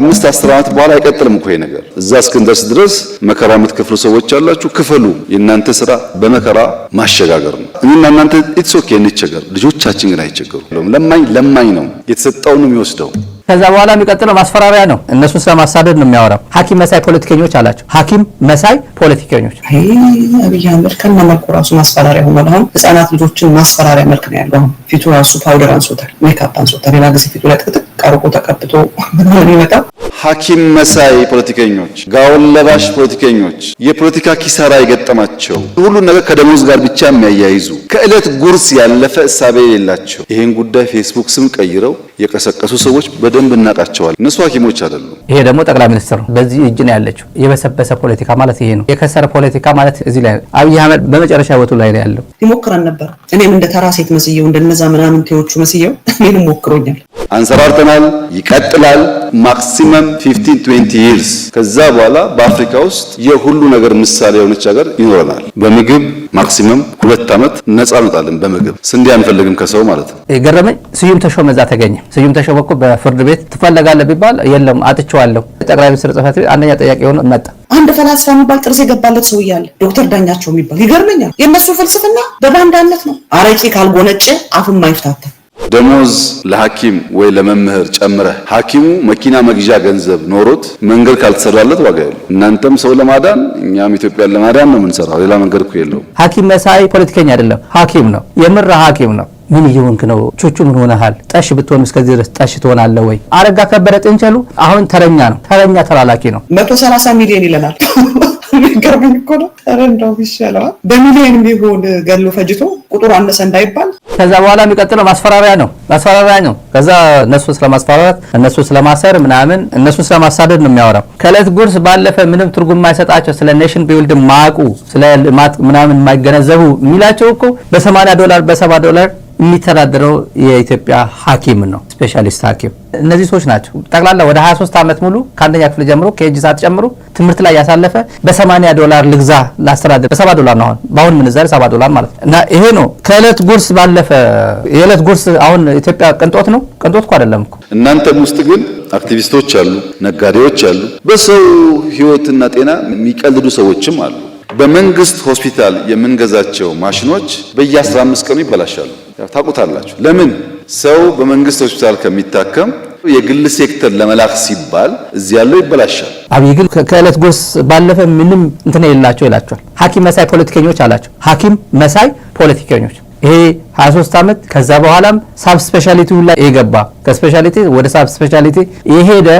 ከአምስት አስር ዓመት በኋላ አይቀጥልም እኮ ይሄ ነገር። እዛ እስክንደርስ ድረስ መከራ የምትከፍሉ ሰዎች አላችሁ፣ ክፈሉ። የእናንተ ስራ በመከራ ማሸጋገር ነው። እኔና እናንተ ኢትስ ኦኬ እንቸገር፣ ልጆቻችን ግን አይቸገሩ። ለማኝ ለማኝ ነው የተሰጠውን የሚወስደው። ከዛ በኋላ የሚቀጥለው ማስፈራሪያ ነው። እነሱን ስለማሳደድ ነው የሚያወራው። ሐኪም መሳይ ፖለቲከኞች አላቸው። ሐኪም መሳይ ፖለቲከኞች አብይ አህመድ ከነ መልኩ ራሱ ማስፈራሪያ ሆኗል። አሁን ህጻናት ልጆችን ማስፈራሪያ መልክ ነው ያለው። ፊቱ ራሱ ፓውደር አንሶታል፣ ሜካፕ አንሶታል። ሌላ ጊዜ ፊቱ ላይ ጥቅጥቅ አርቆ ተቀብቶ ይመጣ። ሐኪም መሳይ ፖለቲከኞች፣ ጋውን ለባሽ ፖለቲከኞች፣ የፖለቲካ ኪሳራ የገጠማቸው ሁሉን ነገር ከደሞዝ ጋር ብቻ የሚያያይዙ ከዕለት ጉርስ ያለፈ እሳቤ የሌላቸው ይህን ጉዳይ ፌስቡክ ስም ቀይረው የቀሰቀሱ ሰዎች በደንብ እናቃቸዋል። እነሱ ሐኪሞች አይደሉም። ይሄ ደግሞ ጠቅላይ ሚኒስትር ነው። በዚህ እጅ ነው ያለችው። የበሰበሰ ፖለቲካ ማለት ይሄ ነው። የከሰረ ፖለቲካ ማለት እዚህ ላይ አብይ አህመድ በመጨረሻ ህይወቱ ላይ ነው ያለው። ይሞክራል ነበር። እኔም እንደ ተራ ሴት መስየው እንደነዛ ምናምንቴዎቹ መስየው እኔንም ሞክሮኛል። አንሰራርተና ይቀጥላል ይቀጥላል። ማክሲመም 15 20 years ከዛ በኋላ በአፍሪካ ውስጥ የሁሉ ነገር ምሳሌ የሆነች ሀገር ይኖረናል። በምግብ ማክሲመም ሁለት ዓመት ነጻ እንወጣለን። በምግብ ስንዴ አንፈልግም ከሰው ማለት ነው። ገረመኝ ስዩም ተሾመ እዛ ተገኘ። ስዩም ተሾመ እኮ በፍርድ ቤት ትፈለጋለህ ቢባል የለም አጥቼዋለሁ። ጠቅላይ ሚኒስትር ጽሕፈት ቤት አንደኛ ጥያቄ ሆኖ መጣ። አንድ ፈላስፋ የሚባል ጥርስ የገባለት ሰው እያለ ዶክተር ዳኛቸው የሚባል ይገርመኛል። የእነሱ ፍልስፍና በባንዳነት ነው። አረቄ ካልጎነጨ አፍም አይፍታታ ደሞዝ ለሐኪም ወይ ለመምህር ጨምረህ ሐኪሙ መኪና መግዣ ገንዘብ ኖሮት መንገድ ካልተሰራለት ዋጋ የለ እናንተም ሰው ለማዳን እኛም ኢትዮጵያን ለማዳን ነው የምንሰራው። ሌላ መንገድ እኮ የለውም። ሐኪም መሳይ ፖለቲከኛ አይደለም፣ ሐኪም ነው፣ የምራ ሐኪም ነው። ምን እየሆንክ ነው? ቹቹ ምን ሆነሃል? ጠሽ ብትሆን እስከዚህ ድረስ ጠሽ ትሆናለህ ወይ? አረጋ ከበደ ጥንቸሉ አሁን ተረኛ ነው፣ ተረኛ ተላላኪ ነው። መቶ ሰላሳ ሚሊዮን ይለናል የሚገርመኝ እኮ ነው። ኧረ እንደው ይሻለዋል በሚሊዮን ቢሆን ገሎ ፈጅቶ ቁጥሩ አነሰ እንዳይባል። ከዛ በኋላ የሚቀጥለው ማስፈራሪያ ነው፣ ማስፈራሪያ ነው። ከዛ እነሱ ስለማስፈራራት፣ እነሱ ስለማሰር ምናምን፣ እነሱ ስለማሳደድ ነው የሚያወራው። ከእለት ጉርስ ባለፈ ምንም ትርጉም የማይሰጣቸው ስለ ኔሽን ቢውልድ ማቁ ስለ ልማት ምናምን የማይገነዘቡ የሚላቸው እኮ በ80 ዶላር በ70 ዶላር የሚተዳደረው የኢትዮጵያ ሐኪም ነው፣ ስፔሻሊስት ሐኪም እነዚህ ሰዎች ናቸው። ጠቅላላ ወደ 23 ዓመት ሙሉ ከአንደኛ ክፍል ጀምሮ ከእጅ ሰዓት ጨምሮ ትምህርት ላይ ያሳለፈ በ80 ዶላር ልግዛ ላስተዳደር በ7 ዶላር ነው በአሁን ምንዛሬ 7 ዶላር ማለት ነው። እና ይሄ ነው ከእለት ጉርስ ባለፈ የእለት ጉርስ አሁን ኢትዮጵያ ቅንጦት ነው። ቅንጦት እኮ አይደለም እኮ እናንተም ውስጥ ግን አክቲቪስቶች አሉ፣ ነጋዴዎች አሉ፣ በሰው ህይወትና ጤና የሚቀልዱ ሰዎችም አሉ። በመንግስት ሆስፒታል የምንገዛቸው ማሽኖች በየ15 ቀኑ ይበላሻሉ። ታውቁታላችሁ። ለምን ሰው በመንግስት ሆስፒታል ከሚታከም የግል ሴክተር ለመላክ ሲባል እዚህ ያለው ይበላሻል። አብይ ግን ከእለት ጎስ ባለፈ ምንም እንትን የላቸው ይላቸዋል። ሐኪም መሳይ ፖለቲከኞች አላቸው። ሐኪም መሳይ ፖለቲከኞች ይሄ 23 ዓመት ከዛ በኋላም ሳብ ስፔሻሊቲ ሁላ የገባ ከስፔሻሊቲ ወደ ሳብ ስፔሻሊቲ የሄደ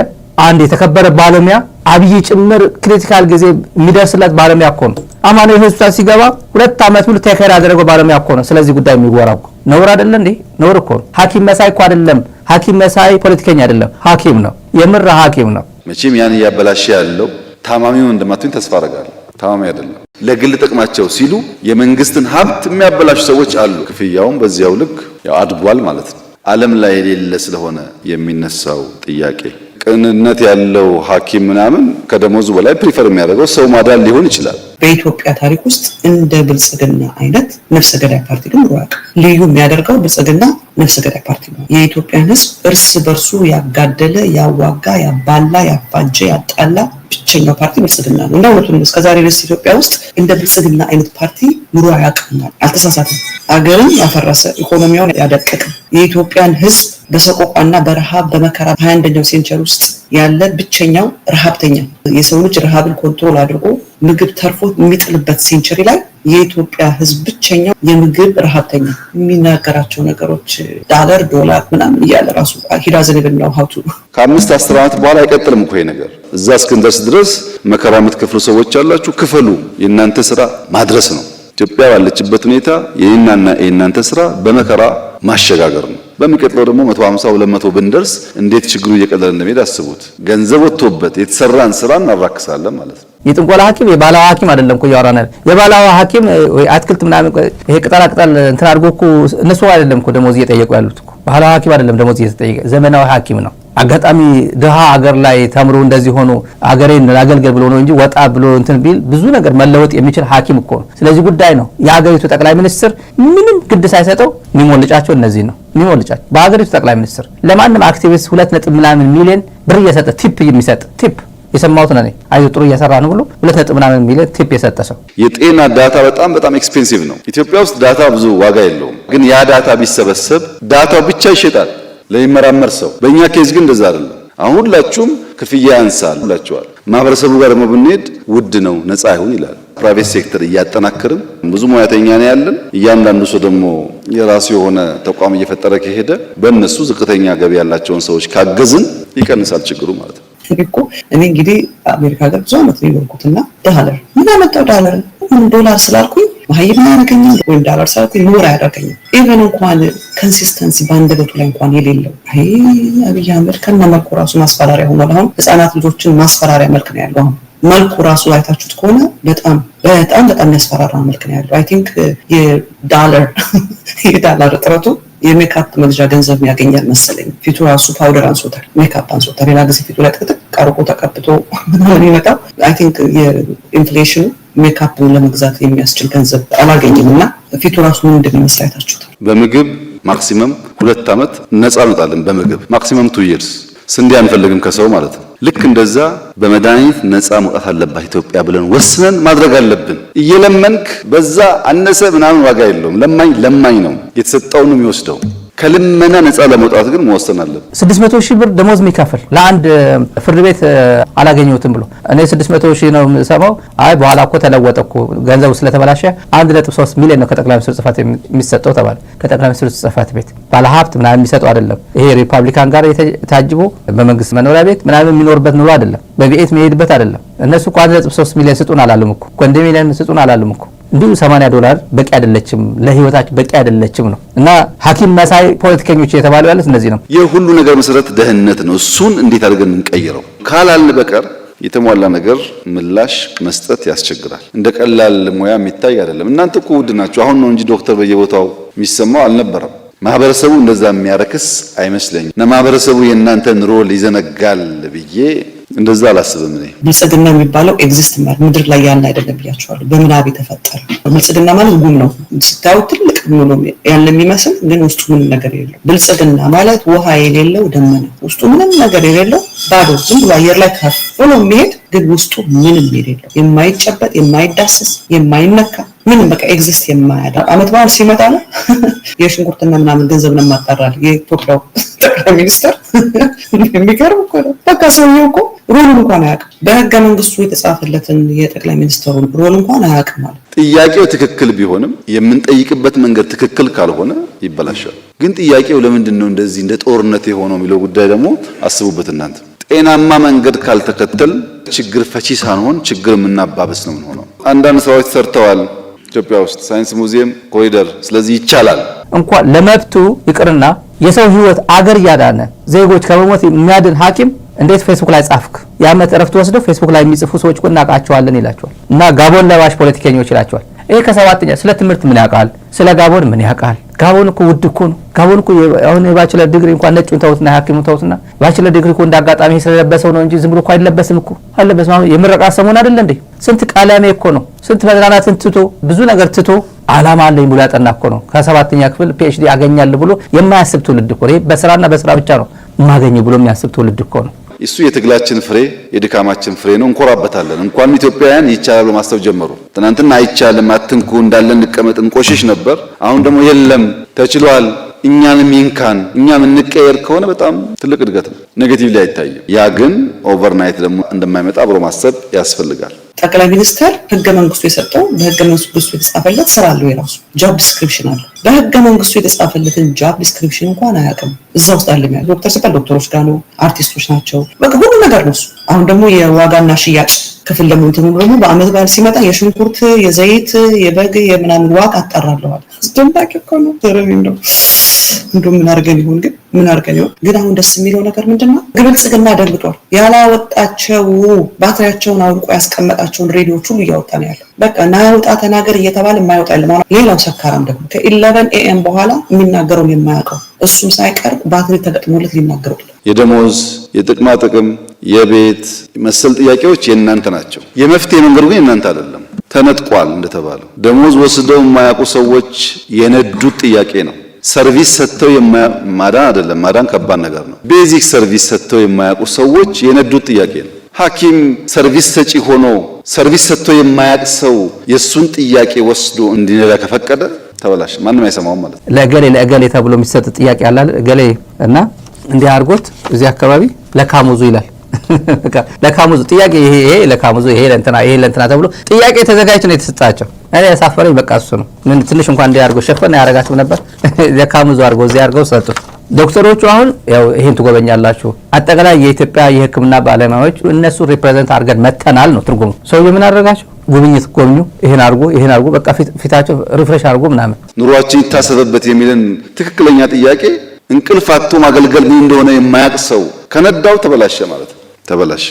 አንድ የተከበረ ባለሙያ አብይ ጭምር ክሪቲካል ጊዜ የሚደርስለት ባለሙያ እኮ ነው። አማኑኤል ሆስፒታል ሲገባ ሁለት ዓመት ሙሉ ቴከር ያደረገው ባለሙያ እኮ ነው። ስለዚህ ጉዳይ የሚወራው ነውር አይደለ እንዴ? ነውር እኮ ነው። ሐኪም መሳይ እኮ አይደለም። ሐኪም መሳይ ፖለቲከኛ አይደለም፣ ሐኪም ነው። የምር ሐኪም ነው። መቼም ያን እያበላሸ ያለው ታማሚውን እንደማትሆን ተስፋ አደርጋለሁ። ታማሚ አይደለም፣ ለግል ጥቅማቸው ሲሉ የመንግስትን ሀብት የሚያበላሹ ሰዎች አሉ። ክፍያውም በዚያው ልክ ያው አድጓል ማለት ነው። ዓለም ላይ የሌለ ስለሆነ የሚነሳው ጥያቄ ቅንነት ያለው ሐኪም ምናምን ከደሞዙ በላይ ፕሪፈር የሚያደርገው ሰው ማዳን ሊሆን ይችላል። በኢትዮጵያ ታሪክ ውስጥ እንደ ብልጽግና አይነት ነፍሰ ገዳይ ፓርቲ ግን ሩቅ ልዩ የሚያደርገው ብልጽግና ነፍሰ ገዳይ ፓርቲ ነው። የኢትዮጵያን ሕዝብ እርስ በርሱ ያጋደለ፣ ያዋጋ፣ ያባላ፣ ያፋጀ፣ ያጣላ ብቸኛው ፓርቲ ብልጽግና ነው። እንደ እውነቱን እስከዛሬ ድረስ ኢትዮጵያ ውስጥ እንደ ብልጽግና አይነት ፓርቲ ኑሮ አያውቅም። አልተሳሳትም። አገርን ያፈረሰ ኢኮኖሚያውን ያደቀቀ የኢትዮጵያን ሕዝብ በሰቆቋና በረሃብ በመከራ ሀያ አንደኛው ሴንቸር ውስጥ ያለ ብቸኛው ረሃብተኛ የሰው ልጅ ረሃብን ኮንትሮል አድርጎ ምግብ ተርፎ የሚጥልበት ሴንቸሪ ላይ የኢትዮጵያ ሕዝብ ብቸኛው የምግብ ረሃብተኛ የሚናገራቸው ነገሮች ዳለር ዶላር ምናምን እያለ ራሱ ሂዳዘንብን ነው ሀቱ ከአምስት አስር ዓመት በኋላ አይቀጥልም እኮ ነገር እዛ እስክንደርስ ድረስ መከራ የምትከፍሉ ሰዎች አላችሁ፣ ክፈሉ። የእናንተ ስራ ማድረስ ነው። ኢትዮጵያ ባለችበት ሁኔታ የእናና የእናንተ ስራ በመከራ ማሸጋገር ነው። በሚቀጥለው ደግሞ 150 200 ብንደርስ እንዴት ችግሩ እየቀለለ እንደሚሄድ አስቡት። ገንዘብ ወጥቶበት የተሰራን ስራ እናራክሳለን ማለት ነው። የጥንቆላ ሐኪም የባላዋ ሐኪም አይደለም እኮ ያወራናል። የባላዋ ሐኪም አትክልት ምናምን ይሄ ቅጠላ ቅጠል እንትን አድርጎ እኮ እነሱ አይደለም እኮ ደሞዝ እየጠየቁ ያሉት ባህላዊ ሐኪም አይደለም ደሞዝ እየተጠየቀ ዘመናዊ ሐኪም ነው። አጋጣሚ ድሃ አገር ላይ ተምሮ እንደዚህ ሆኖ አገሬን ላገልገል ብሎ ነው እንጂ ወጣ ብሎ እንትን ቢል ብዙ ነገር መለወጥ የሚችል ሐኪም እኮ ነው። ስለዚህ ጉዳይ ነው የሀገሪቱ ጠቅላይ ሚኒስትር ምንም ግድ ሳይሰጠው የሚሞልጫቸው እነዚህ ነው የሚሞልጫቸው በሀገሪቱ ጠቅላይ ሚኒስትር ለማንም አክቲቪስት ሁለት ነጥብ ምናምን ሚሊዮን ብር እየሰጠ ቲፕ የሚሰጥ ቲፕ የሰማሁት ነው። አይዞ ጥሩ እየሰራ ነው ብሎ ሁለት ነጥብ ምናምን የሚል ቲፕ የሰጠ ሰው። የጤና ዳታ በጣም በጣም ኤክስፔንሲቭ ነው። ኢትዮጵያ ውስጥ ዳታ ብዙ ዋጋ የለውም፣ ግን ያ ዳታ ቢሰበሰብ ዳታው ብቻ ይሸጣል ለሚመራመር ሰው። በእኛ ኬዝ ግን እንደዛ አይደለም። አሁን ሁላችሁም ክፍያ ያንሳል ሁላችኋል። ማህበረሰቡ ጋር ደግሞ ብንሄድ ውድ ነው ነፃ ይሁን ይላል። ፕራይቬት ሴክተር እያጠናክርም ብዙ ሙያተኛ ነው ያለን። እያንዳንዱ ሰው ደግሞ የራሱ የሆነ ተቋም እየፈጠረ ከሄደ በእነሱ ዝቅተኛ ገቢ ያላቸውን ሰዎች ካገዝን ይቀንሳል ችግሩ ማለት ነው። ፍቅር እኮ እኔ እንግዲህ አሜሪካ ሀገር ብዙ አመት ነው የኖርኩት እና ዳለር ምን አመጣው ዳለር ዶላር ስላልኩኝ ማሀይብን አያደርገኝም ወይም ዳለር ስላልኩኝ ኖር አያደርገኝም። ኢቨን እንኳን ከንሲስተንሲ በአንደበቱ ላይ እንኳን የሌለው አብይ አህመድ ከነ መልኩ ራሱ ማስፈራሪያ ሆኗል። አሁን ህጻናት ልጆችን ማስፈራሪያ መልክ ነው ያለው አሁን መልኩ ራሱ አይታችሁት ከሆነ በጣም በጣም በጣም የሚያስፈራራ መልክ ነው ያለው። አይ ቲንክ የዳለር የዳለር እጥረቱ የሜካፕ መግዣ ገንዘብ ያገኛል መሰለኝ። ፊቱ ራሱ ፓውደር አንሶታል፣ ሜካፕ አንሶታል። ሌላ ጊዜ ፊቱ ላይ ጥቅጥቅ ቀርቆ ተቀብቶ ምናምን ይመጣው። አይ ቲንክ የኢንፍሌሽኑ ሜካፕን ለመግዛት የሚያስችል ገንዘብ አላገኝም እና ፊቱ ራሱ ምን እንደሚመስል አይታችሁታል። በምግብ ማክሲመም ሁለት ዓመት ነፃ እንወጣለን። በምግብ ማክሲመም ቱ ይርስ ስንዴ አንፈልግም ከሰው ማለት ነው። ልክ እንደዛ በመድኃኒት ነፃ መውጣት አለባት ኢትዮጵያ ብለን ወስነን ማድረግ አለብን። እየለመንክ በዛ አነሰ ምናምን ዋጋ የለውም። ለማኝ ለማኝ ነው የተሰጠውንም ይወስደው። ከልመና ነፃ ለመውጣት ግን መወሰን አለብን። 600 ሺህ ብር ደሞዝ የሚከፍል ለአንድ ፍርድ ቤት አላገኘሁትም ብሎ እኔ 600 ሺህ ነው የምሰማው። አይ በኋላ እኮ ተለወጠ እኮ ገንዘቡ ስለተበላሸ 1.3 ሚሊዮን ነው ከጠቅላይ ሚኒስትሩ ጽሕፈት የሚሰጠው ተባለ። ከጠቅላይ ሚኒስትሩ ጽሕፈት ቤት ባለሀብት ምናምን የሚሰጡ አይደለም። ይሄ ሪፐብሊካን ጋር ታጅቦ በመንግስት መኖሪያ ቤት ምናምን የሚኖርበት ኑሮ አይደለም። በቤት የሚሄድበት አይደለም። እነሱ እኮ 1.3 ሚሊዮን ስጡን አላሉም እኮ ኮንዶሚኒየም ስጡን አላሉም እኮ እንዲሁ 80 ዶላር በቂ አይደለችም፣ ለህይወታችን በቂ አይደለችም ነው እና ሐኪም መሳይ ፖለቲከኞች የተባሉ ያለት እነዚህ ነው። የሁሉ ነገር መሰረት ደህንነት ነው። እሱን እንዴት አድርገን እንቀይረው ካላልን በቀር የተሟላ ነገር ምላሽ መስጠት ያስቸግራል። እንደ ቀላል ሙያ የሚታይ አይደለም። እናንተ እኮ ውድ ናቸው። አሁን ነው እንጂ ዶክተር በየቦታው የሚሰማው አልነበረም። ማህበረሰቡ እንደዛ የሚያረክስ አይመስለኝም። እና ማህበረሰቡ የእናንተን ሮል ይዘነጋል ብዬ እንደዛ አላስብም። እኔ ብልጽግና የሚባለው ኤግዚስት ምድር ላይ ያለ አይደለም ብያቸዋለሁ። በምናብ የተፈጠረ ብልጽግና ማለት ጉም ነው። ስታዩ ትልቅ ምሎ ያለ የሚመስል ግን ውስጡ ምንም ነገር የለው። ብልጽግና ማለት ውሃ የሌለው ደመና፣ ውስጡ ምንም ነገር የሌለው ባዶ፣ ዝም ብሎ አየር ላይ ከፍ ብሎ የሚሄድ ግን ውስጡ ምንም የሌለው የማይጨበጥ፣ የማይዳስስ፣ የማይነካ ምንም በቃ ኤግዚስት የማያደርግ አመት በዓል ሲመጣ ነው የሽንኩርትና ምናምን ገንዘብ ነው የማጣራል የኢትዮጵያው ጠቅላይ ሚኒስትር የሚገርም እኮ ነው። በቃ ሰውዬው እኮ ሮል እንኳን አያውቅም። በህገ መንግስቱ የተጻፈለትን የጠቅላይ ሚኒስትሩን ሮል እንኳን አያውቅም ማለት። ጥያቄው ትክክል ቢሆንም የምንጠይቅበት መንገድ ትክክል ካልሆነ ይበላሻል። ግን ጥያቄው ለምንድን ነው እንደዚህ እንደ ጦርነት የሆነው የሚለው ጉዳይ ደግሞ አስቡበት እናንተ። ጤናማ መንገድ ካልተከተል ችግር ፈቺ ሳንሆን ችግር የምናባብስ ነው የምንሆነው። አንዳንድ ስራዎች ተሰርተዋል ኢትዮጵያ ውስጥ ሳይንስ ሙዚየም ኮሪደር። ስለዚህ ይቻላል እንኳን ለመብቱ ይቅርና የሰው ህይወት አገር እያዳነ ዜጎች ከመሞት የሚያድን ሐኪም እንዴት ፌስቡክ ላይ ጻፍክ? የአመት እረፍት ወስደው ፌስቡክ ላይ የሚጽፉ ሰዎች እኮ እናውቃቸዋለን ይላቸዋል። እና ጋቦን ለባሽ ፖለቲከኞች ይላቸዋል። ይህ ከሰባተኛ ስለ ትምህርት ምን ያውቃል? ስለ ጋቦን ምን ያውቃል? ጋቦን እኮ ውድ እኮ ነው። ጋቦን እኮ አሁን የባችለር ዲግሪ እንኳን ነጩን ተውትና ሐኪሙን ተውትና ባችለር ዲግሪ እኮ እንዳጋጣሚ ስለለበሰው ነው እንጂ ዝም ብሎ እኮ አይለበስም እኮ አይለበስም። የምረቃ ሰሞን አይደለ እንዴ? ስንት ቃላሜ እኮ ነው። ስንት መዝናናትን ትቶ ብዙ ነገር ትቶ አላማ አለኝ ብሎ ያጠና እኮ ነው። ከሰባተኛ ክፍል ፒኤችዲ አገኛል ብሎ የማያስብ ትውልድ እኮ ነው። በስራና በስራ ብቻ ነው የማገኘው ብሎ የሚያስብ ትውልድ እኮ ነው። እሱ የትግላችን ፍሬ የድካማችን ፍሬ ነው። እንኮራበታለን። እንኳን ኢትዮጵያውያን ይቻላል ማሰብ ጀመሩ። ትናንትና አይቻልም፣ አትንኩ፣ እንዳለን እንቀመጥ፣ እንቆሽሽ ነበር። አሁን ደግሞ የለም ተችሏል፣ እኛንም ይንካን፣ እኛም እንቀየር ከሆነ በጣም ትልቅ እድገት ነው። ኔጌቲቭ ላይ አይታይም። ያ ግን ኦቨርናይት ደግሞ እንደማይመጣ ብሎ ማሰብ ያስፈልጋል። ጠቅላይ ሚኒስተር ህገ መንግስቱ የሰጠው በህገ መንግስቱ የተጻፈለት ስራ አለው። የራሱ ጃብ ዲስክሪፕሽን አለ። በህገ መንግስቱ የተጻፈለትን ጃብ ዲስክሪፕሽን እንኳን አያውቅም። እዛ ውስጥ አለ ያለ ዶክተር ሲባል ዶክተሮች ጋር ነው፣ አርቲስቶች ናቸው፣ በቃ ሁሉ ነገር ነው እሱ። አሁን ደግሞ የዋጋና ሽያጭ ክፍል ደግሞ እንትን ደግሞ በአመት በዓል ሲመጣ የሽንኩርት የዘይት የበግ የምናምን ዋጋ አጠራለዋል። አስደንባቂ እኮ ነው። እንዶ ምን አድርገን ይሁን ግን ምን ይሆን ግን አሁን ደስ የሚለው ነገር ምንድን ነው? ብልጽግና ደልብጧል። ያላወጣቸው ባትሪያቸውን አውልቆ ያስቀመጣቸውን ሬዲዮች ሁሉ እያወጣ ነው ያለው። በቃ ናውጣ ተናገር እየተባለ የማይወጣ የለም። ሌላው ሰካራም ደግሞ ከኢለቨን ኤኤም በኋላ የሚናገረውን የማያውቀው እሱም ሳይቀር ባትሪ ተገጥሞለት ሊናገሩ የደሞዝ የጥቅማ ጥቅም የቤት መሰል ጥያቄዎች የእናንተ ናቸው። የመፍትሄ መንገዱ ግን የእናንተ አይደለም፣ ተነጥቋል። እንደተባለው ደሞዝ ወስደው የማያውቁ ሰዎች የነዱት ጥያቄ ነው። ሰርቪስ ሰጥተው ማዳን አይደለም። ማዳን ከባድ ነገር ነው። ቤዚክ ሰርቪስ ሰጥተው የማያውቁ ሰዎች የነዱት ጥያቄ ነው። ሐኪም ሰርቪስ ሰጪ ሆኖ ሰርቪስ ሰጥቶ የማያውቅ ሰው የእሱን ጥያቄ ወስዶ እንዲነዳ ከፈቀደ ተበላሽ፣ ማንም አይሰማውም ማለት ነው። ለእገሌ ለእገሌ ተብሎ የሚሰጥ ጥያቄ አለ። እገሌ እና እንዲህ አድርጎት እዚህ አካባቢ ለካሙዙ ይላል ለካሙዙ ጥያቄ ይሄ ይሄ ለካሙዙ ይሄ ለእንትና ይሄ ለእንትና ተብሎ ጥያቄ ተዘጋጅቶ ነው የተሰጣቸው። እኔ ያሳፈረኝ በቃ እሱ ነው። ምን ትንሽ እንኳን እንዲህ አድርጎ ሸፈን ያደርጋቸው ነበር። ለካሙዙ አድርጎ እዚህ አድርገው ሰጡት። ዶክተሮቹ አሁን ያው ይሄን ትጎበኛላችሁ። አጠቃላይ የኢትዮጵያ የሕክምና ባለሙያዎች እነሱ ሪፕሬዘንት አድርገን መጥተናል ነው ትርጉሙ። ሰውዬው ምን አደረጋቸው? ጉብኝት ጎብኙ፣ ይህን አድርጉ፣ ይህን አድርጉ፣ በቃ ፊታቸው ሪፍሬሽ አድርጉ ምናምን። ኑሯችን ይታሰብበት የሚልን ትክክለኛ ጥያቄ እንቅልፍ አጥቶ ማገልገል ምን እንደሆነ የማያውቅ ሰው ከነዳው ተበላሸ ማለት ነው። ተበላሽ።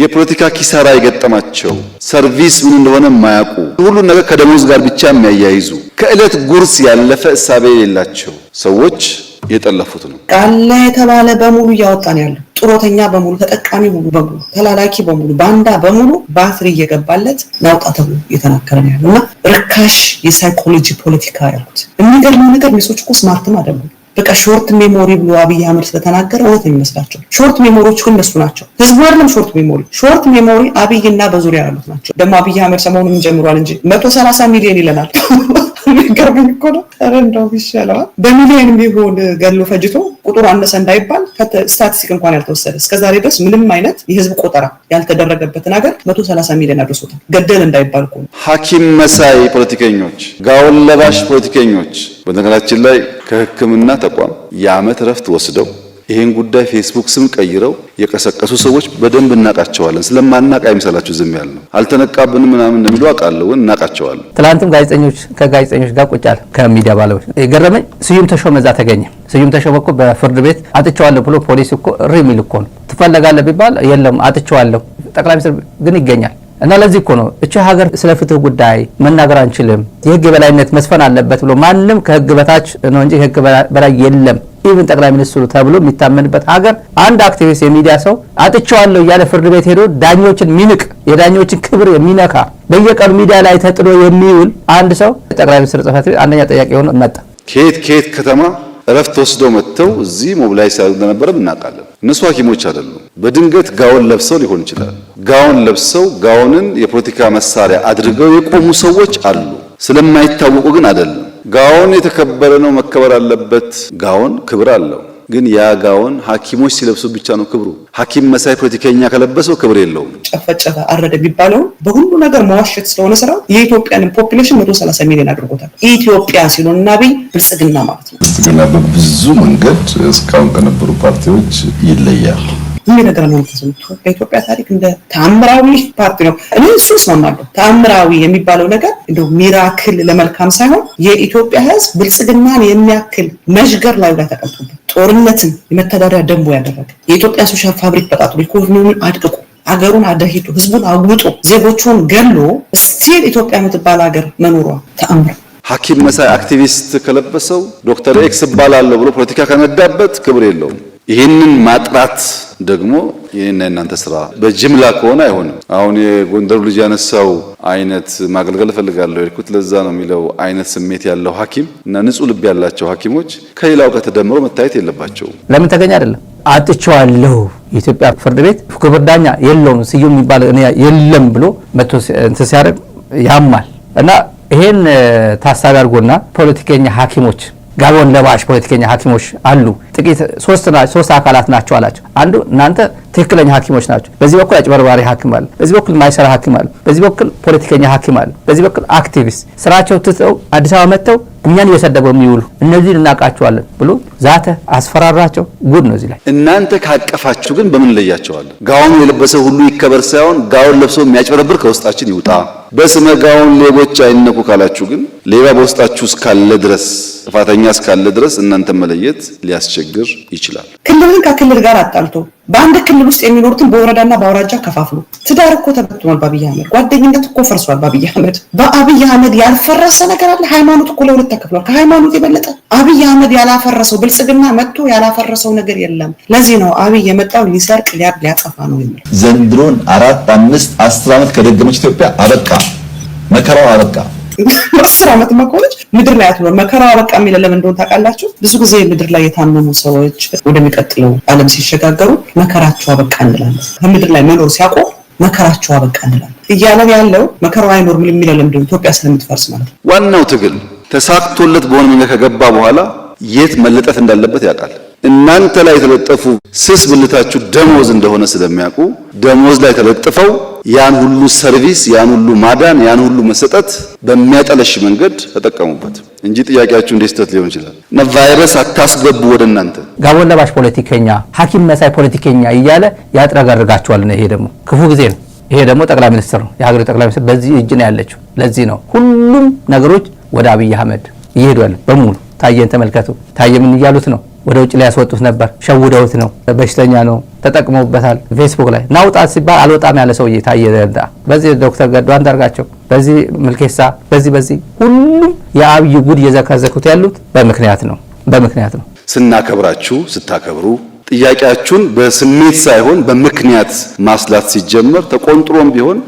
የፖለቲካ ኪሳራ የገጠማቸው ሰርቪስ ምን እንደሆነ የማያውቁ ሁሉን ነገር ከደሞዝ ጋር ብቻ የሚያያይዙ ከእለት ጉርስ ያለፈ እሳቤ የሌላቸው ሰዎች የጠለፉት ነው። አለ የተባለ በሙሉ እያወጣን ያለው ጡረተኛ በሙሉ ተጠቃሚ ሙሉ በሙሉ ተላላኪ በሙሉ ባንዳ በሙሉ ባትሪ እየገባለት ናውጣ ተብሎ እየተናከረ ነው እና ርካሽ የሳይኮሎጂ ፖለቲካ ያሉት። የሚገርመው ነገር ሚሶች እኮ ስማርትም አይደሉም። በቃ ሾርት ሜሞሪ ብሎ አብይ አህመድ ስለተናገረ እውነት የሚመስላቸው ሾርት ሜሞሪዎች ግን እነሱ ናቸው። ህዝቡ አይደለም ሾርት ሜሞሪ። ሾርት ሜሞሪ አብይና በዙሪያ ያሉት ናቸው። ደግሞ አብይ አህመድ ሰሞኑን ጀምሯል እንጂ መቶ ሰላሳ ሚሊዮን ይለናል የሚገርመኝ እኮ ነው። ኧረ እንደውም ይሻለዋል በሚሊዮን የሚሆን ገሎ ፈጅቶ ቁጥሩ አነሰ እንዳይባል ስታቲስቲክ እንኳን ያልተወሰደ እስከዛሬ ድረስ ምንም አይነት የህዝብ ቆጠራ ያልተደረገበትን ሀገር መቶ ሰላሳ ሚሊዮን አድርሶታል። ገደል እንዳይባል እኮ ነው። ሐኪም መሳይ ፖለቲከኞች፣ ጋውን ለባሽ ፖለቲከኞች በነገራችን ላይ ከህክምና ተቋም የአመት እረፍት ወስደው ይህን ጉዳይ ፌስቡክ ስም ቀይረው የቀሰቀሱ ሰዎች በደንብ እናቃቸዋለን። ስለማናቅ አይምሰላችሁ ዝም ያለ ነው። አልተነቃብንም ምናምን እንደሚሉ አውቃለሁ፣ እናቃቸዋለን። ትላንትም ጋዜጠኞች ከጋዜጠኞች ጋር ቁጫል ከሚዲያ ባለቤት የገረመኝ ስዩም ተሾመ እዛ ተገኘ። ስዩም ተሾመ እኮ በፍርድ ቤት አጥቸዋለሁ ብሎ ፖሊስ እኮ እሪ የሚል እኮ ነው። ትፈለጋለህ ቢባል የለም አጥቸዋለሁ፣ ጠቅላይ ሚኒስትር ግን ይገኛል እና ለዚህ እኮ ነው እቺ ሀገር ስለ ፍትህ ጉዳይ መናገር አንችልም፣ የህግ የበላይነት መስፈን አለበት ብሎ ማንም ከህግ በታች ነው እንጂ ህግ በላይ የለም ኢቭን ጠቅላይ ሚኒስትሩ ተብሎ የሚታመንበት ሀገር አንድ አክቲቪስት የሚዲያ ሰው አጥቼዋለሁ እያለ ፍርድ ቤት ሄዶ ዳኞችን ሚንቅ የዳኞችን ክብር የሚነካ በየቀኑ ሚዲያ ላይ ተጥሎ የሚውል አንድ ሰው ጠቅላይ ሚኒስትር ጽሕፈት ቤት አንደኛ ጠያቂ ሆኖ መጣ። ከየት ከየት ከተማ እረፍት ወስደው መጥተው እዚህ ሞብላይዝ ሲያደርጉ እንደነበረ እናውቃለን። እነሱ ሐኪሞች አይደሉም። በድንገት ጋውን ለብሰው ሊሆን ይችላል። ጋውን ለብሰው ጋውንን የፖለቲካ መሳሪያ አድርገው የቆሙ ሰዎች አሉ። ስለማይታወቁ ግን አይደለም። ጋውን የተከበረ ነው፣ መከበር አለበት። ጋውን ክብር አለው። ግን ያ ጋውን ሐኪሞች ሲለብሱ ብቻ ነው ክብሩ። ሐኪም መሳይ ፖለቲከኛ ከለበሰው ክብር የለውም። ጨፈጨፈ፣ አረደ የሚባለው በሁሉ ነገር መዋሸት ስለሆነ ስራ የኢትዮጵያንን ፖፕሌሽን 130 ሚሊዮን አድርጎታል። ኢትዮጵያ ሲሆን እና አብይ ብልጽግና ማለት ነው። ብልጽግና በብዙ መንገድ እስካሁን ከነበሩ ፓርቲዎች ይለያል። የሚነገር መንፈስ በኢትዮጵያ ታሪክ እንደ ተአምራዊ ፓርቲ ነው። እኔ እሱ እስማማለሁ። ተአምራዊ የሚባለው ነገር እንደ ሚራክል ለመልካም ሳይሆን የኢትዮጵያ ሕዝብ ብልጽግናን የሚያክል መዥገር ላይ ላ ተቀምጦበት ጦርነትን የመተዳደሪያ ደንቡ ያደረገ የኢትዮጵያ ሶሻል ፋብሪክ በጣጥሎ ኢኮኖሚውን አድቅቆ አገሩን አደሂቶ ህዝቡን አጉጦ ዜጎቹን ገሎ ስቲል ኢትዮጵያ የምትባል ሀገር መኖሯ ተአምር። ሐኪም መሳይ አክቲቪስት ከለበሰው ዶክተር ኤክስ እባላለሁ ብሎ ፖለቲካ ከነዳበት ክብር የለውም። ይህንን ማጥራት ደግሞ የኔና የናንተ ስራ በጅምላ ከሆነ አይሆንም። አሁን የጎንደሩ ልጅ ያነሳው አይነት ማገልገል እፈልጋለሁ የልኩት ለዛ ነው የሚለው አይነት ስሜት ያለው ሐኪም እና ንጹህ ልብ ያላቸው ሐኪሞች ከሌላው ጋር ተደምሮ መታየት የለባቸውም። ለምን ተገኘ አይደለም አጥቸዋለሁ የኢትዮጵያ ፍርድ ቤት ክቡር ዳኛ የለውም ስዩም የሚባል የለም ብሎ መቶ እንትን ሲያደርግ ያማል እና ይሄን ታሳቢ አድርጎና ፖለቲከኛ ሐኪሞች ጋቦን ለባሽ ፖለቲከኛ ሐኪሞች አሉ። ጥቂት ሶስት አካላት ናቸው አላቸው። አንዱ እናንተ ትክክለኛ ሐኪሞች ናቸው። በዚህ በኩል አጭበርባሪ ሐኪም አለ፣ በዚህ በኩል ማይሰራ ሐኪም አለ፣ በዚህ በኩል ፖለቲከኛ ሐኪም አለ፣ በዚህ በኩል አክቲቪስት ስራቸው ትተው አዲስ አበባ መጥተው እኛን እየሰደበው የሚውሉ እነዚህ እናውቃቸዋለን ብሎ ዛተ፣ አስፈራራቸው። ጉድ ነው። እዚህ ላይ እናንተ ካቀፋችሁ ግን በምን ለያቸዋለን? ጋውኑ የለበሰ ሁሉ ይከበር ሳይሆን ጋውን ለብሶ የሚያጭበረብር ከውስጣችን ይውጣ። በስመ ጋውን ሌቦች አይነኩ ካላችሁ ግን ሌባ በውስጣችሁ እስካለ ድረስ ጥፋተኛ እስካለ ድረስ እናንተ መለየት ሊያስቸግር ይችላል። ክልልን ከክልል ጋር አጣልቶ በአንድ ክልል ውስጥ የሚኖሩትን በወረዳና በአውራጃ ከፋፍሉ። ትዳር እኮ ተበትኗል በአብይ አህመድ። ጓደኝነት እኮ ፈርሷል በአብይ አህመድ። በአብይ አህመድ ያልፈረሰ ነገር አለ። ሃይማኖት እኮ ለሁለት ተከፍሏል። ከሃይማኖት የበለጠ አብይ አህመድ ያላፈረሰው ብልጽግና መጥቶ ያላፈረሰው ነገር የለም። ለዚህ ነው አብይ የመጣው ሊሰርቅ፣ ሊያድ፣ ሊያጠፋ ነው የሚለው። ዘንድሮን አራት፣ አምስት፣ አስር ዓመት ከደገመች ኢትዮጵያ አበቃ፣ መከራው አበቃ። አስር ዓመትማ ከሆነች ምድር ላይ አትኖር። መከራ በቃ ለምን እንደሆነ ታውቃላችሁ። ብዙ ጊዜ ምድር ላይ የታመሙ ሰዎች ወደሚቀጥለው ዓለም ሲሸጋገሩ መከራቸው አበቃ እንላለን። ከምድር ላይ መኖር ሲያቆም መከራቸው አበቃ እንላለን። እያለን ያለው መከራው አይኖርም የሚለለም እንደሆነ ኢትዮጵያ ስለምትፈርስ ማለት ነው። ዋናው ትግል ተሳክቶለት በሆነ መንገድ ከገባ በኋላ የት መለጠፍ እንዳለበት ያውቃል። እናንተ ላይ የተለጠፉ ስስ ብልታችሁ ደሞዝ እንደሆነ ስለሚያውቁ ደሞዝ ላይ ተለጥፈው ያን ሁሉ ሰርቪስ፣ ያን ሁሉ ማዳን፣ ያን ሁሉ መሰጠት በሚያጠለሽ መንገድ ተጠቀሙበት እንጂ ጥያቄያችሁ እንዴት ስህተት ሊሆን ይችላል እና ቫይረስ አታስገቡ ወደ እናንተ። ጋቦን ለባሽ ፖለቲከኛ፣ ሐኪም መሳይ ፖለቲከኛ እያለ ያጥረገርጋቸዋል። ይሄ ደግሞ ክፉ ጊዜ ነው። ይሄ ደግሞ ጠቅላይ ሚኒስትር ነው፣ የሀገሪቱ ጠቅላይ ሚኒስትር በዚህ እጅ ነው ያለችው። ለዚህ ነው ሁሉም ነገሮች ወደ አብይ አህመድ ያለ በሙሉ። ታየን ተመልከቱ። ታየ ምን እያሉት ነው? ወደ ውጭ ላይ ያስወጡት ነበር። ሸውደውት ነው። በሽተኛ ነው፣ ተጠቅመውበታል። ፌስቡክ ላይ ናውጣ ሲባል አልወጣም ያለ ሰውዬ ታየ ደንዳ፣ በዚህ ዶክተር ገዱ አንዳርጋቸው፣ በዚህ ምልኬሳ፣ በዚህ በዚህ ሁሉም የአብይ ጉድ እየዘከዘኩት ያሉት በምክንያት ነው በምክንያት ነው። ስናከብራችሁ ስታከብሩ ጥያቄያችሁን በስሜት ሳይሆን በምክንያት ማስላት ሲጀመር ተቆንጥሮም ቢሆን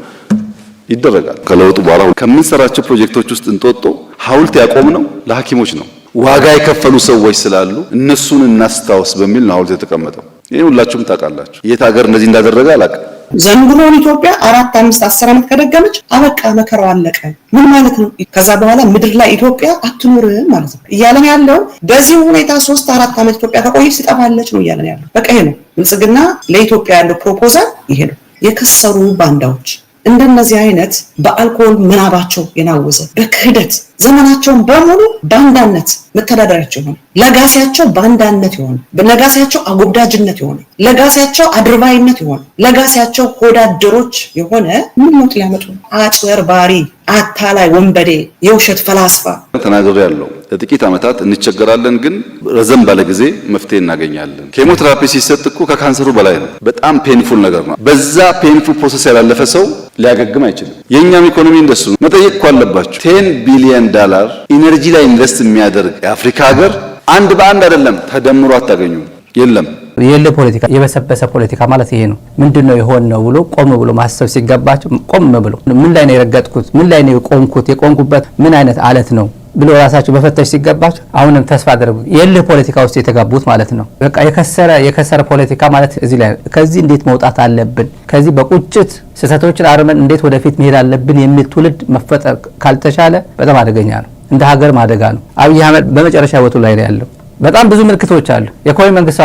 ይደረጋል። ከለውጡ በኋላ ከምንሰራቸው ፕሮጀክቶች ውስጥ እንጦጦ ሀውልት ያቆም ነው ለሐኪሞች ነው። ዋጋ የከፈሉ ሰዎች ስላሉ እነሱን እናስታውስ በሚል ነው ሐውልት የተቀመጠው። ይህ ሁላችሁም ታውቃላችሁ። የት ሀገር እንደዚህ እንዳደረገ አላውቅም። ዘንድሮውን ኢትዮጵያ አራት አምስት አስር ዓመት ከደገመች አበቃ፣ መከራው አለቀ። ምን ማለት ነው? ከዛ በኋላ ምድር ላይ ኢትዮጵያ አትኖርም ማለት ነው እያለን ያለው በዚህ ሁኔታ ሶስት አራት ዓመት ኢትዮጵያ ከቆየች ትጠፋለች ነው እያለን ያለው። በቃ ይሄ ነው ብልጽግና ለኢትዮጵያ ያለው ፕሮፖዛል ይሄ ነው። የከሰሩ ባንዳዎች እንደነዚህ አይነት በአልኮል ምናባቸው የናወዘ በክህደት ዘመናቸውን በሙሉ ባንዳነት መተዳደሪያቸው ሆነ። ለጋሲያቸው ባንዳነት የሆነ ለጋሲያቸው አጎብዳጅነት የሆነ ለጋሲያቸው አድርባይነት የሆነ ለጋሲያቸው ሆዳደሮች የሆነ ምን ሞት ሊያመጡ አጭበርባሪ፣ አታላይ፣ ወንበዴ፣ የውሸት ፈላስፋ ተናገሩ ያለው ለጥቂት ዓመታት እንቸገራለን፣ ግን ረዘም ባለ ጊዜ መፍትሄ እናገኛለን። ኬሞቴራፒ ሲሰጥ እኮ ከካንሰሩ በላይ ነው። በጣም ፔንፉል ነገር ነው። በዛ ፔንፉል ፕሮሰስ ያላለፈ ሰው ሊያገግም አይችልም። የእኛም ኢኮኖሚ እንደሱ ነው። መጠየቅ እኮ አለባቸው። ቴን ቢሊየን ዳላር ኢነርጂ ላይ ኢንቨስት የሚያደርግ የአፍሪካ ሀገር አንድ በአንድ አይደለም ተደምሮ አታገኙም። የለም የለ ፖለቲካ የበሰበሰ ፖለቲካ ማለት ይሄ ነው። ምንድን ነው የሆን ነው ብሎ ቆም ብሎ ማሰብ ሲገባቸው ቆም ብሎ ምን ላይ ነው የረገጥኩት፣ ምን ላይ ነው የቆምኩት፣ የቆምኩበት ምን አይነት አለት ነው ብሎ ራሳቸው በፈተሽ ሲገባቸው አሁንም ተስፋ አደረጉ። የልህ ፖለቲካ ውስጥ የተጋቡት ማለት ነው። በቃ የከሰረ የከሰረ ፖለቲካ ማለት እዚህ ላይ ከዚህ እንዴት መውጣት አለብን፣ ከዚህ በቁጭት ስህተቶችን አርመን እንዴት ወደፊት መሄድ አለብን የሚል ትውልድ መፈጠር ካልተቻለ በጣም አደገኛ ነው። እንደ ሀገር ማደጋ ነው። አብይ አህመድ በመጨረሻ ወቱ ላይ ነው ያለው። በጣም ብዙ ምልክቶች አሉ። የኮይ መንግስቱ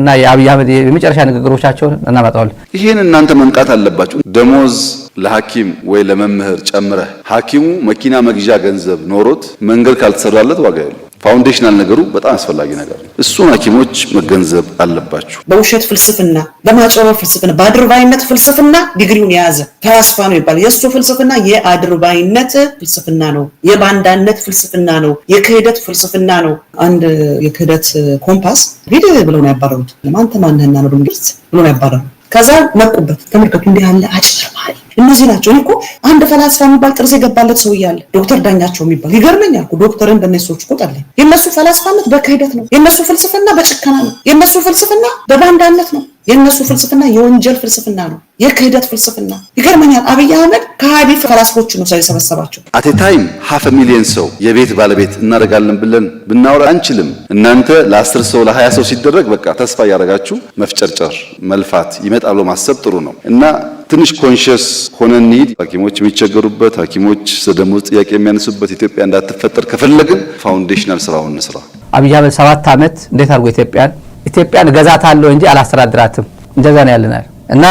እና የአብይ አህመድ የመጨረሻ ንግግሮቻቸውን እናመጣዋለን። ይህን እናንተ መንቃት አለባችሁ። ደሞዝ ለሐኪም ወይ ለመምህር ጨምረህ ሐኪሙ መኪና መግዣ ገንዘብ ኖሮት መንገድ ካልተሰራለት ዋጋ የለው ፋውንዴሽናል ነገሩ በጣም አስፈላጊ ነገር ነው። እሱን ሐኪሞች መገንዘብ አለባቸው። በውሸት ፍልስፍና፣ በማጮበ ፍልስፍና፣ በአድርባይነት ፍልስፍና ዲግሪውን የያዘ ተስፋ ነው ይባላል። የእሱ ፍልስፍና የአድርባይነት ፍልስፍና ነው፣ የባንዳነት ፍልስፍና ነው፣ የክህደት ፍልስፍና ነው። አንድ የክህደት ኮምፓስ ሂድ ብለው ነው ያባረሩት። ለማንተ ማንህና ነው ብሎ ነው ያባረሩት። ከዛ ነቁበት። ተመልከቱ እንዲህ ያለ አጭበርባሪ እነዚህ ናቸው። እኔ እኮ አንድ ፈላስፋ የሚባል ጥርስ የገባለት ሰው እያለ ዶክተር ዳኛቸው የሚባል ይገርመኛል። ዶክተርን በእነዚህ ሰዎች እኮ የእነሱ ፈላስፋነት በክህደት ነው። የእነሱ ፍልስፍና በጭከና ነው። የእነሱ ፍልስፍና በባንዳነት ነው። የእነሱ ፍልስፍና የወንጀል ፍልስፍና ነው፣ የክህደት ፍልስፍና። ይገርመኛል። አብይ አህመድ ከሀዲ ፈላስፎቹ ነው የሰበሰባቸው። አቴ ታይም ሀፍ ሚሊዮን ሰው የቤት ባለቤት እናደርጋለን ብለን ብናወራ አንችልም። እናንተ ለአስር ሰው ለሀያ ሰው ሲደረግ በቃ ተስፋ እያደረጋችሁ መፍጨርጨር፣ መልፋት ይመጣ ብሎ ማሰብ ጥሩ ነው እና ትንሽ ኮንሽስ ሆነ እንሂድ። ሐኪሞች የሚቸገሩበት ሐኪሞች ስለደሞዝ ጥያቄ የሚያነሱበት ኢትዮጵያ እንዳትፈጠር ከፈለግን ፋውንዴሽናል ስራውን እንስራ። አብይ አህመድ ሰባት ዓመት እንዴት አድርጎ ኢትዮጵያን ኢትዮጵያን እገዛታለሁ እንጂ አላስተዳድራትም። እንደዛ ነው ያልናል እና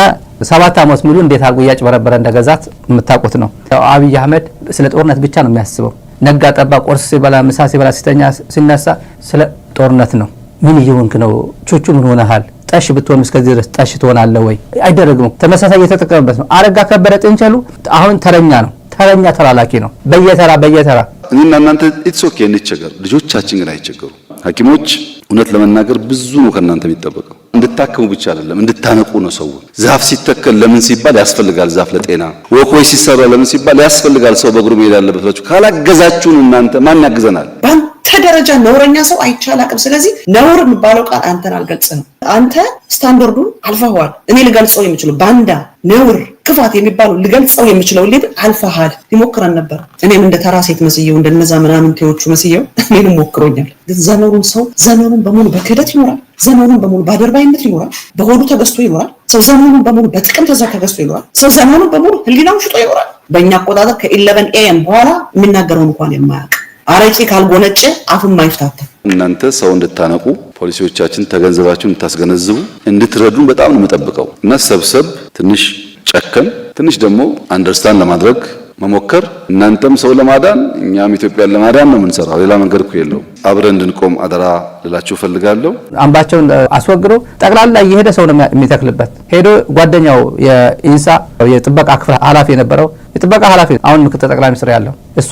ሰባት ዓመት ሙሉ እንዴት አድርጎ እያጭበረበረ እንደገዛት የምታውቁት ነው። አብይ አህመድ ስለ ጦርነት ብቻ ነው የሚያስበው። ነጋ ጠባ፣ ቁርስ ሲበላ፣ ምሳ ሲበላ፣ ሲተኛ፣ ሲነሳ ስለ ጦርነት ነው። ምን እየሆንክ ነው? ቹቹ ምን ሆነሃል? ጠሽ ብትሆን እስከዚህ ድረስ ጠሽ ትሆናለህ ወይ? አይደረግም። ተመሳሳይ እየተጠቀመበት ነው። አረጋ ከበደ ጥንቸሉ አሁን ተረኛ ነው። ተረኛ ተላላኪ ነው። በየተራ በየተራ እኔና እናንተ ኢትስ ኦኬ እንቸገር፣ ልጆቻችን ግን አይቸገሩ። ሐኪሞች እውነት ለመናገር ብዙ ነው ከእናንተ የሚጠበቀው። እንድታክሙ ብቻ አይደለም እንድታነቁ ነው ሰው። ዛፍ ሲተከል ለምን ሲባል ያስፈልጋል ዛፍ ለጤና ወኮይ ሲሰራ ለምን ሲባል ያስፈልጋል ሰው በእግሩ መሄድ አለበት ብላችሁ ካላገዛችሁን እናንተ ማን ያግዘናል? በአንተ ደረጃ ነውረኛ ሰው አይቻል አቅም። ስለዚህ ነውር የሚባለው ቃል አንተን አልገልጽ ነው። አንተ ስታንዳርዱን አልፈዋል። እኔ ልገልጸው የምችሉ ባንዳ ነውር ክፋት የሚባለው ልገልጸው የምችለው ሌብል አልፈሃል ሊሞክረን ነበር። እኔም እንደ ተራ ሴት መስየው እንደነዛ ምናምን ቴዎቹ መስየው እኔንም ሞክሮኛል። ዘመኑን ሰው ዘመኑን በሙሉ በክህደት ይኖራል። ዘመኑን በሙሉ በአደርባይነት ይኖራል። በሆዱ ተገዝቶ ይኖራል። ሰው ዘመኑን በሙሉ በጥቅም ተዛ ተገዝቶ ይኖራል። ሰው ዘመኑን በሙሉ ህሊናው ሽጦ ይኖራል። በእኛ አቆጣጠር ከኢለቨን ኤም በኋላ የሚናገረውን እንኳን የማያውቅ አረቂ ካልጎነጨ አፍም አይፍታተም። እናንተ ሰው እንድታነቁ ፖሊሲዎቻችን ተገንዘባችሁ እንድታስገነዝቡ እንድትረዱን በጣም ነው የምጠብቀው እና ሰብሰብ ትንሽ ጨክን ትንሽ ደግሞ አንደርስታንድ ለማድረግ መሞከር እናንተም ሰው ለማዳን እኛም ኢትዮጵያን ለማዳን ነው የምንሰራው። ሌላ መንገድ እኮ የለውም። አብረን እንድንቆም አደራ ልላችሁ ፈልጋለሁ። አምባቸውን አስወግዶ ጠቅላላ እየሄደ ሰው ነው የሚተክልበት። ሄዶ ጓደኛው የኢንሳ የጥበቃ ክፍል ኃላፊ የነበረው የጥበቃ ኃላፊ አሁን ምክትል ጠቅላይ ሚኒስትር ያለው እሱ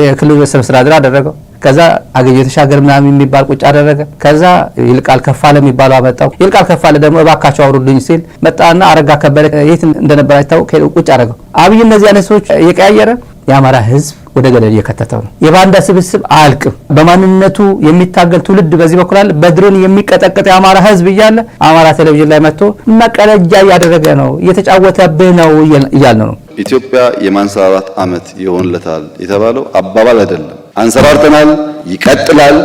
የክልሉ ስብስራ አደረገው። ከዛ አገኘ ተሻገር ምናምን የሚባል ቁጭ አደረገ። ከዛ ይልቃል ከፋለ የሚባለው አመጣው። ይልቃል ከፋለ ደግሞ እባካቸው አውሩልኝ ሲል መጣና አረጋ ከበደ የት እንደነበር አይታወቅ ቁጭ አደረገው። አብይ እነዚህ አይነት ሰዎች እየቀያየረ የአማራ ህዝብ ወደ ገደል እየከተተው ነው። የባንዳ ስብስብ አያልቅም። በማንነቱ የሚታገል ትውልድ በዚህ በኩል አለ። በድሮን የሚቀጠቀጥ የአማራ ህዝብ እያለ አማራ ቴሌቪዥን ላይ መጥቶ መቀለጃ እያደረገ ነው፣ እየተጫወተብህ ነው እያለ ነው። ኢትዮጵያ የማንሰራራት አመት ይሆንለታል የተባለው አባባል አይደለም። አንሰራርተናል። ይቀጥላል።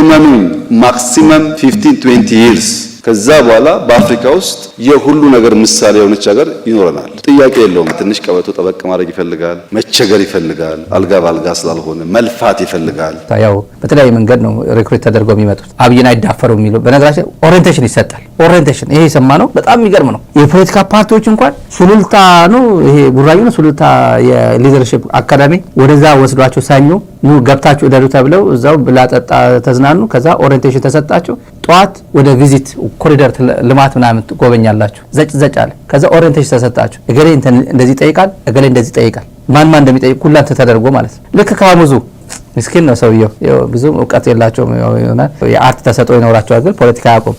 እመኑኝ ማክሲመም 15 20 ይርስ ከዛ በኋላ በአፍሪካ ውስጥ የሁሉ ነገር ምሳሌ የሆነች ሀገር ይኖረናል። ጥያቄ የለውም። ትንሽ ቀበቶ ጠበቅ ማድረግ ይፈልጋል፣ መቸገር ይፈልጋል፣ አልጋ ባልጋ ስላልሆነ መልፋት ይፈልጋል። ያው በተለያየ መንገድ ነው ሪክሩት ተደርገው የሚመጡት። አብይን አይዳፈሩ የሚሉ በነገራችን ኦሪንቴሽን ይሰጣል። ኦሪንቴሽን ይሄ የሰማ ነው፣ በጣም የሚገርም ነው። የፖለቲካ ፓርቲዎች እንኳን ሱሉልታ ነው ይሄ ቡራዩ ነው ሱሉልታ የሊደርሽፕ አካዳሚ ወደዛ ወስዷቸው ሰኞ ኑ ገብታችሁ እደሩ ተብለው እዛው ብላ ጠጣ ተዝናኑ። ከዛ ኦሪንቴሽን ተሰጣቸው። ጠዋት ወደ ቪዚት ኮሪደር ልማት ምናምን ትጎበኛላችሁ። ዘጭ ዘጭ አለ። ከዛ ኦሪንቴሽን ተሰጣችሁ። እገሌ እንደዚህ ይጠይቃል፣ እገሌ እንደዚህ ይጠይቃል። ማን ማን እንደሚጠይቅ ሁላ ተደርጎ ማለት ነው። ልክ ከሙዙ ምስኪን ነው ሰውየው፣ ብዙም እውቀት የላቸውም። የሆነ የአርት ተሰጥኦ ይኖራቸዋል፣ ግን ፖለቲካ አያውቁም።